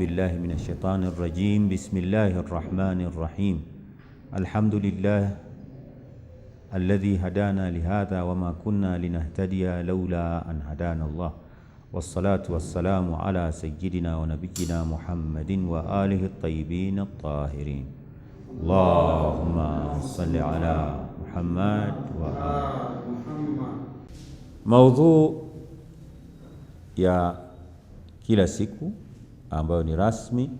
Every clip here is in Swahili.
بالله من الشيطان الرجيم بسم الله الرحمن الرحيم الحمد لله الذي هدانا لهذا وما كنا لنهتدي لولا أن هدانا الله والصلاة والسلام على سيدنا ونبينا محمد وآله الطيبين الطاهرين اللهم صل على محمد وآل محمد موضوع يا كلاسيكو ambayo ni rasmi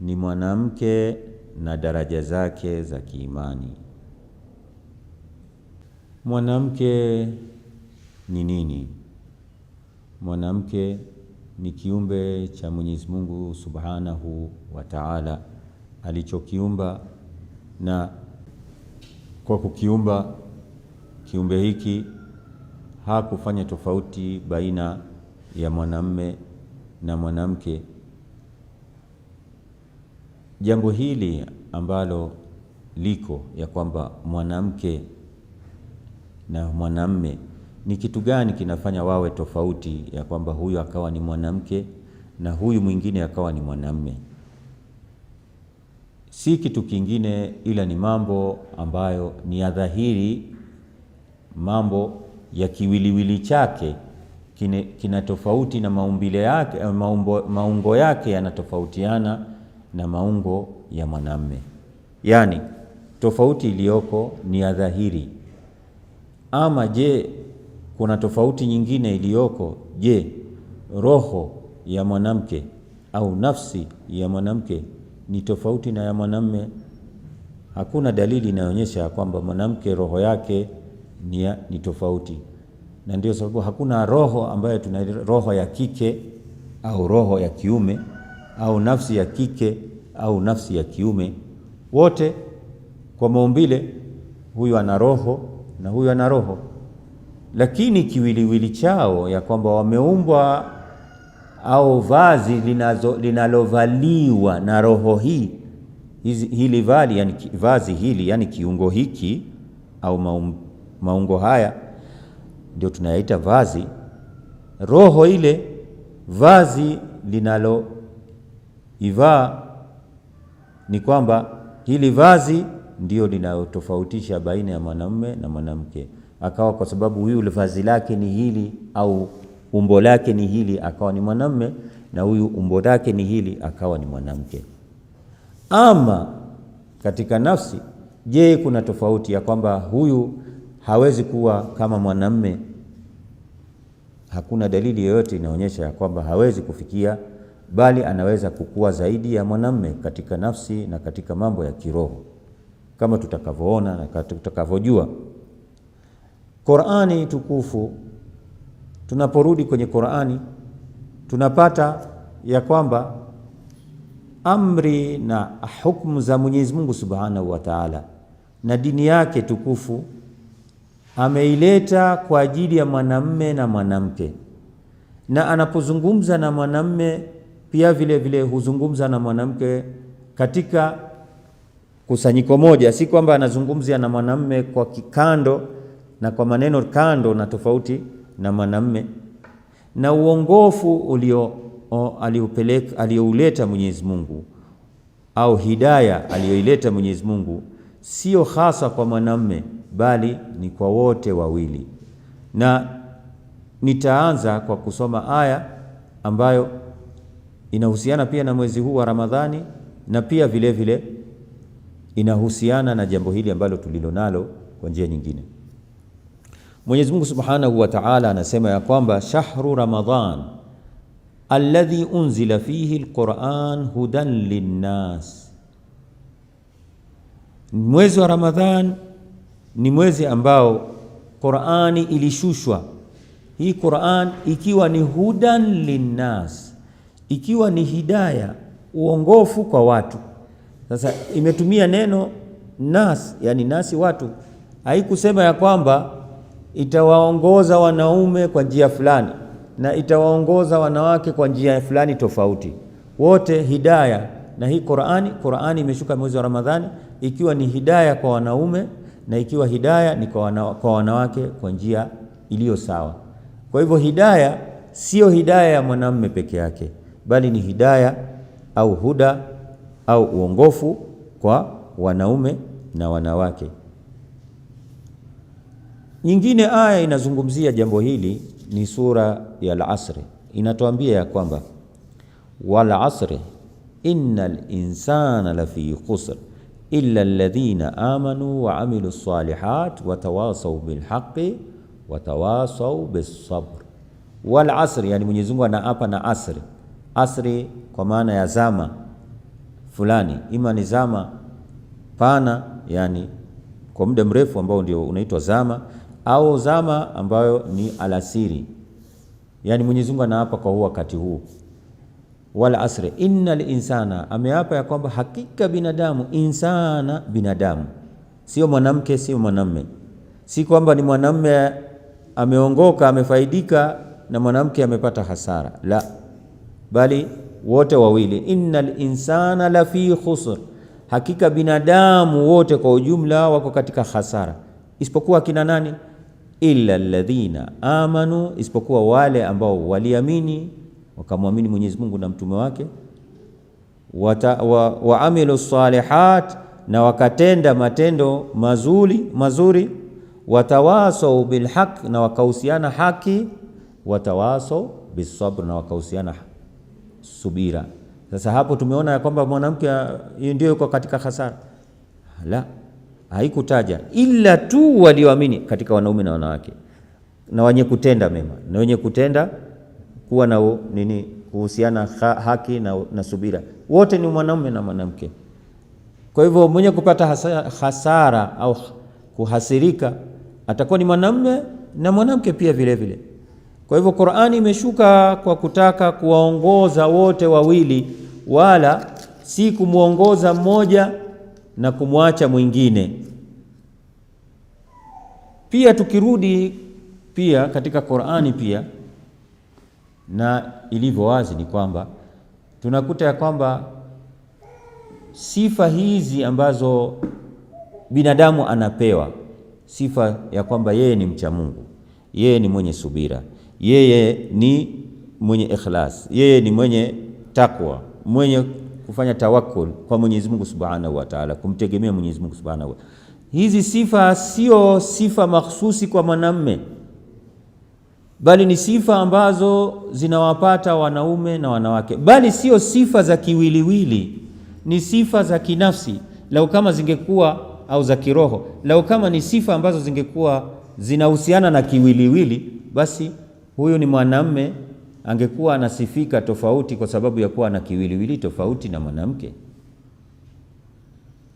ni mwanamke na daraja zake za kiimani. Mwanamke ni nini? Mwanamke ni kiumbe cha Mwenyezi Mungu Subhanahu wa Ta'ala alichokiumba, na kwa kukiumba kiumbe hiki hakufanya tofauti baina ya mwanamme na mwanamke jambo hili ambalo liko ya kwamba mwanamke na mwanamme ni kitu gani kinafanya wawe tofauti, ya kwamba huyu akawa ni mwanamke na huyu mwingine akawa ni mwanamme, si kitu kingine ila ni mambo ambayo ni ya dhahiri, mambo ya kiwiliwili chake kina tofauti na maumbile yake, eh, maungo yake yanatofautiana na maungo ya mwanamme, yaani tofauti iliyoko ni ya dhahiri. Ama je, kuna tofauti nyingine iliyoko? Je, roho ya mwanamke au nafsi ya mwanamke ni tofauti na ya mwanamme? Hakuna dalili inayoonyesha kwamba mwanamke roho yake ni, ya, ni tofauti, na ndio sababu hakuna roho ambayo tuna roho ya kike au roho ya kiume au nafsi ya kike au nafsi ya kiume, wote kwa maumbile, huyu ana roho na huyu ana roho, lakini kiwiliwili chao ya kwamba wameumbwa au vazi linazo linalovaliwa na roho hii hizi, hili vali, yani vazi hili yani kiungo hiki au maum, maungo haya ndio tunayaita vazi. Roho ile vazi linalo ivaa ni kwamba hili vazi ndio linalotofautisha baina ya mwanamume na mwanamke, akawa kwa sababu huyu vazi lake ni hili au umbo lake ni hili, akawa ni mwanamume, na huyu umbo lake ni hili, akawa ni mwanamke. Ama katika nafsi, je, kuna tofauti ya kwamba huyu hawezi kuwa kama mwanamume? Hakuna dalili yoyote inaonyesha ya kwamba hawezi kufikia bali anaweza kukua zaidi ya mwanamme katika nafsi na katika mambo ya kiroho kama tutakavyoona na tutakavyojua. Qur'ani tukufu, tunaporudi kwenye Qur'ani tunapata ya kwamba amri na hukumu za Mwenyezi Mungu Subhanahu wa Ta'ala na dini yake tukufu ameileta kwa ajili ya mwanamme na mwanamke, na anapozungumza na mwanamme pia vile vile huzungumza na mwanamke katika kusanyiko moja, si kwamba anazungumzia na mwanamme kwa kikando na kwa maneno kando na tofauti na mwanamme. Na uongofu ulio aliupeleka aliyouleta Mwenyezi Mungu au hidaya aliyoileta Mwenyezi Mungu sio hasa kwa mwanamme, bali ni kwa wote wawili, na nitaanza kwa kusoma aya ambayo inahusiana pia na mwezi huu wa Ramadhani na pia vile vile inahusiana na jambo hili ambalo tulilonalo kwa njia nyingine. Mwenyezi Mungu Subhanahu wa Ta'ala anasema ya kwamba shahru Ramadhan alladhi unzila fihi alquran hudan linnas, mwezi wa Ramadhan ni mwezi ambao Qurani ilishushwa, hii Quran ikiwa ni hudan linnas ikiwa ni hidaya uongofu kwa watu. Sasa imetumia neno nas, yani nasi watu, haikusema ya kwamba itawaongoza wanaume kwa njia fulani na itawaongoza wanawake kwa njia fulani tofauti, wote hidaya. Na hii Qur'ani, Qur'ani imeshuka mwezi wa Ramadhani ikiwa ni hidaya kwa wanaume na ikiwa hidaya ni kwa, wana, kwa wanawake kwa njia iliyo sawa. Kwa hivyo hidaya sio hidaya ya mwanamume peke yake bali ni hidaya au huda au uongofu kwa wanaume na wanawake. Nyingine aya inazungumzia jambo hili, ni sura ya Al-Asri, inatuambia ya kwamba wal asri innal insana lafi khusr illa alladhina amanu wa amilu salihat watawasau bilhaqi watawasau bis sabr. Wal asri, yani Mwenyezi Mungu anaapa na asri asri kwa maana ya zama fulani, ima ni zama pana, yani kwa muda mrefu ambao ndio unaitwa zama, au zama ambayo ni alasiri. Yani Mwenyezi Mungu anaapa kwa huu wakati huu, wala asri, innal insana, ameapa ya kwamba hakika binadamu, insana binadamu, sio mwanamke, sio mwanamme, si kwamba ni mwanamme ameongoka amefaidika na mwanamke amepata hasara, la bali wote wawili. Innal insana fi khusr, hakika binadamu wote kwa ujumla wako katika hasara, isipokuwa kina nani? Illa alladhina amanu, isipokuwa wale ambao waliamini wakamwamini Mwenyezi Mungu na mtume wake, waamilu wa salihat, na wakatenda matendo mazuri, mazuri watawasau bilhaq, na wakahusiana haki, watawasau bisabr, na wakahusiana subira. Sasa hapo tumeona ya kwamba mwanamke hiyo ndio yuko katika hasara. La, haikutaja ila tu walioamini katika wanaume na wanawake na wenye kutenda mema na wenye kutenda kuwa na nini kuhusiana ha haki na, na subira, wote ni mwanaume na mwanamke. Kwa hivyo mwenye kupata hasara, hasara au kuhasirika atakuwa ni mwanaume na mwanamke pia vilevile vile. Kwa hivyo Qur'ani imeshuka kwa kutaka kuwaongoza wote wawili, wala si kumwongoza mmoja na kumwacha mwingine. Pia tukirudi pia katika Qur'ani pia na ilivyo wazi ni kwamba tunakuta ya kwamba sifa hizi ambazo binadamu anapewa sifa ya kwamba yeye ni mcha Mungu, yeye ni mwenye subira yeye ni mwenye ikhlas, yeye ni mwenye takwa, mwenye kufanya tawakkul kwa Mwenyezi Mungu Subhanahu wa Ta'ala, kumtegemea Mwenyezi Mungu Subhanahu wa Ta'ala. Hizi sifa sio sifa mahsusi kwa mwanamme, bali ni sifa ambazo zinawapata wanaume na wanawake, bali sio sifa za kiwiliwili, ni sifa za kinafsi. Lau kama zingekuwa au za kiroho, lau kama ni sifa ambazo zingekuwa zinahusiana na kiwiliwili, basi huyu ni mwanamme angekuwa anasifika tofauti kwa sababu ya kuwa na kiwiliwili tofauti na mwanamke,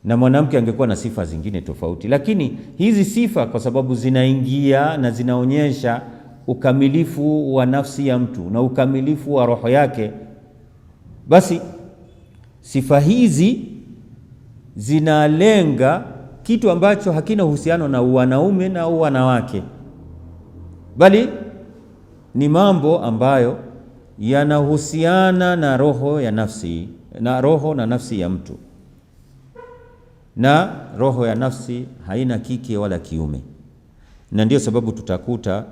na mwanamke angekuwa na sifa zingine tofauti. Lakini hizi sifa kwa sababu zinaingia na zinaonyesha ukamilifu wa nafsi ya mtu na ukamilifu wa roho yake, basi sifa hizi zinalenga kitu ambacho hakina uhusiano na wanaume na wanawake, bali ni mambo ambayo yanahusiana na roho ya nafsi na roho na nafsi ya mtu, na roho ya nafsi haina kike wala kiume, na ndiyo sababu tutakuta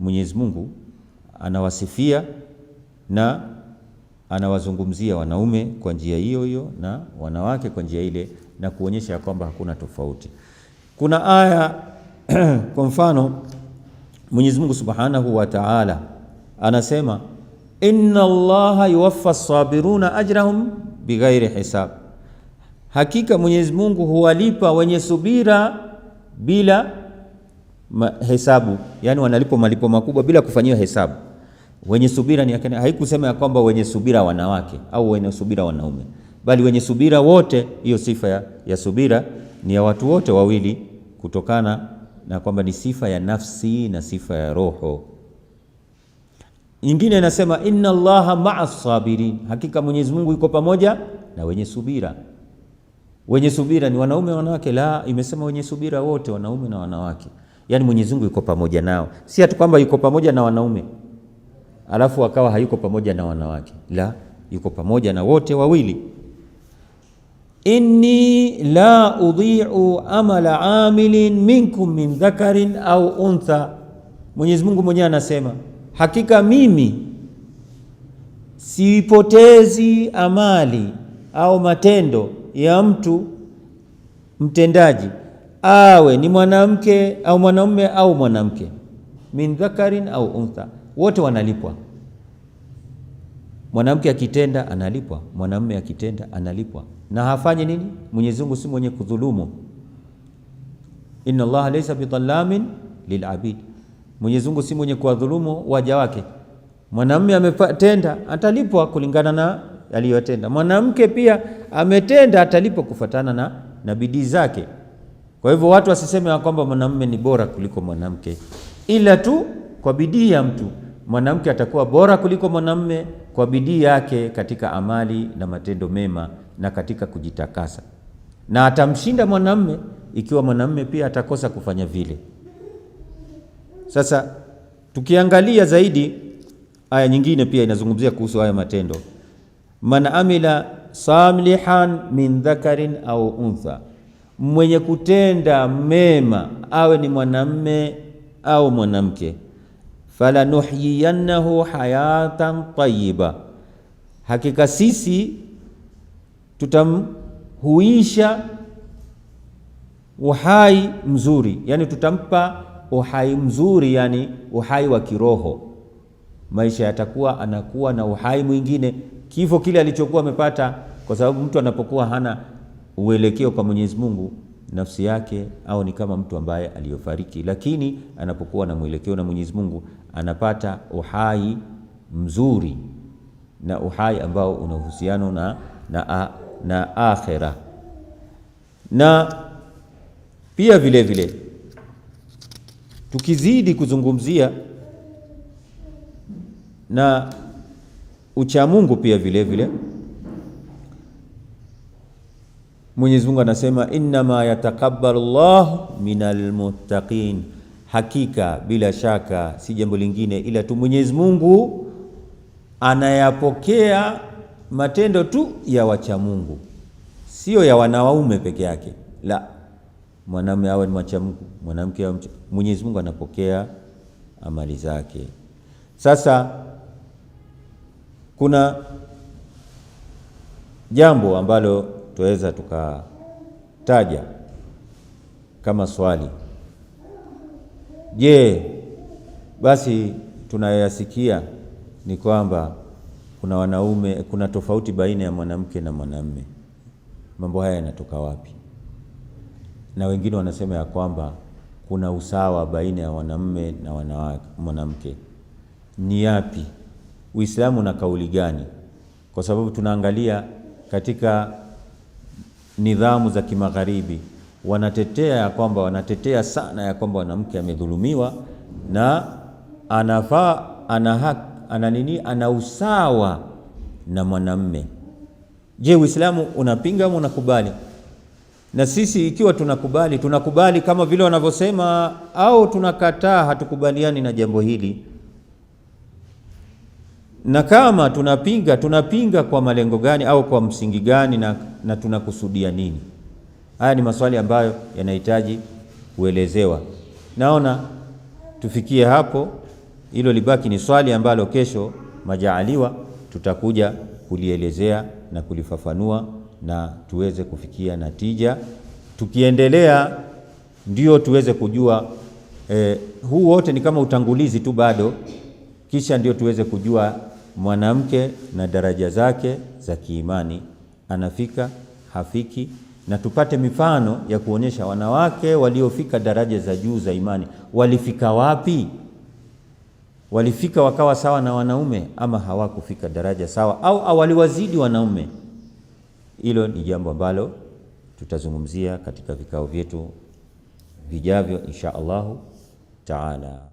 Mwenyezi Mungu anawasifia na anawazungumzia wanaume kwa njia hiyo hiyo na wanawake kwa njia ile, na kuonyesha ya kwamba hakuna tofauti. Kuna aya kwa mfano Mwenyezi Mungu Subhanahu wa Ta'ala anasema inna Allaha yuwaffa sabiruna ajrahum bighairi hisab, hakika Mwenyezi Mungu huwalipa wenye subira bila hesabu, yani wanalipo malipo makubwa bila kufanyiwa hesabu. Wenye subira ni haikusema ya kwamba wenye subira wanawake au wenye subira wanaume, bali wenye subira wote. Hiyo sifa ya, ya subira ni ya watu wote wawili kutokana na kwamba ni sifa ya nafsi na sifa ya roho. Nyingine inasema inna Allaha maa sabirin, hakika Mwenyezi Mungu yuko pamoja na wenye subira. Wenye subira ni wanaume wanawake? La, imesema wenye subira wote, wanaume na wanawake. Yani Mwenyezi Mungu yuko pamoja nao, si ati kwamba yuko pamoja na wanaume alafu akawa hayuko pamoja na wanawake. La, yuko pamoja na wote wawili inni la udhi'u amala amilin minkum min dhakarin au untha. Mwenyezi Mungu mwenyewe anasema hakika mimi siipotezi amali au matendo ya mtu mtendaji, awe ni mwanamke au mwanaume au mwanamke, min dhakarin au untha, wote wanalipwa. Mwanamke akitenda analipwa, mwanamume akitenda analipwa, na hafanyi nini? Mwenyezi Mungu si mwenye kudhulumu. Inna Allah laysa bidhallamin lilabid, Mwenyezi Mungu si mwenye kuwadhulumu waja wake. Mwanamume ametenda atalipwa kulingana na aliyotenda, mwanamke pia ametenda atalipwa kufuatana na, na bidii zake. Kwa hivyo watu wasiseme kwamba mwanamume ni bora kuliko mwanamke, ila tu kwa bidii ya mtu mwanamke atakuwa bora kuliko mwanamme kwa bidii yake katika amali na matendo mema na katika kujitakasa, na atamshinda mwanamme ikiwa mwanamme pia atakosa kufanya vile. Sasa tukiangalia zaidi, aya nyingine pia inazungumzia kuhusu haya matendo, man amila salihan min dhakarin au untha, mwenye kutenda mema awe ni mwanamme au mwanamke falanuhyiyannahu hayatan tayyiba, hakika sisi tutamhuisha uhai mzuri, yani tutampa uhai mzuri, yani uhai wa kiroho. Maisha yatakuwa anakuwa na uhai mwingine, kifo kile alichokuwa amepata, kwa sababu mtu anapokuwa hana uelekeo kwa Mwenyezi Mungu nafsi yake au ni kama mtu ambaye aliyofariki, lakini anapokuwa na mwelekeo na Mwenyezi Mungu anapata uhai mzuri na uhai ambao una uhusiano na, na, na akhera. Na pia vile vile tukizidi kuzungumzia na uchamungu pia vile vile Mwenyezi Mungu anasema innama yatakabbalu llah minal muttaqin, hakika bila shaka si jambo lingine ila tu Mwenyezi Mungu anayapokea matendo tu ya wacha Mungu, sio ya wanaume peke yake. La, mwanamume awe ni mwacha Mungu, mwanamke awe mcha Mwenyezi Mungu, anapokea amali zake. Sasa kuna jambo ambalo tunaweza tukataja kama swali. Je, basi tunayoyasikia ni kwamba kuna wanaume, kuna tofauti baina ya mwanamke na mwanamume. Mambo haya yanatoka wapi? Na wengine wanasema ya kwamba kuna usawa baina ya wanamume na wanawake, mwanamke. Ni yapi? Uislamu na kauli gani? Kwa sababu tunaangalia katika nidhamu za kimagharibi wanatetea ya kwamba wanatetea sana ya kwamba mwanamke amedhulumiwa na anafaa ana hak, ana nini, ana usawa na mwanamme. Je, Uislamu unapinga ama unakubali? Na sisi ikiwa tunakubali, tunakubali kama vile wanavyosema au tunakataa, hatukubaliani na jambo hili na kama tunapinga, tunapinga kwa malengo gani au kwa msingi gani na, na tunakusudia nini? Haya ni maswali ambayo yanahitaji kuelezewa. Naona tufikie hapo, hilo libaki ni swali ambalo kesho majaaliwa tutakuja kulielezea na kulifafanua na tuweze kufikia natija. Tukiendelea ndio tuweze kujua eh, huu wote ni kama utangulizi tu bado, kisha ndio tuweze kujua mwanamke na daraja zake za kiimani, anafika hafiki, na tupate mifano ya kuonyesha wanawake waliofika daraja za juu za imani walifika wapi. Walifika wakawa sawa na wanaume, ama hawakufika daraja sawa, au waliwazidi wanaume? Hilo ni jambo ambalo tutazungumzia katika vikao vyetu vijavyo, insha Allahu taala.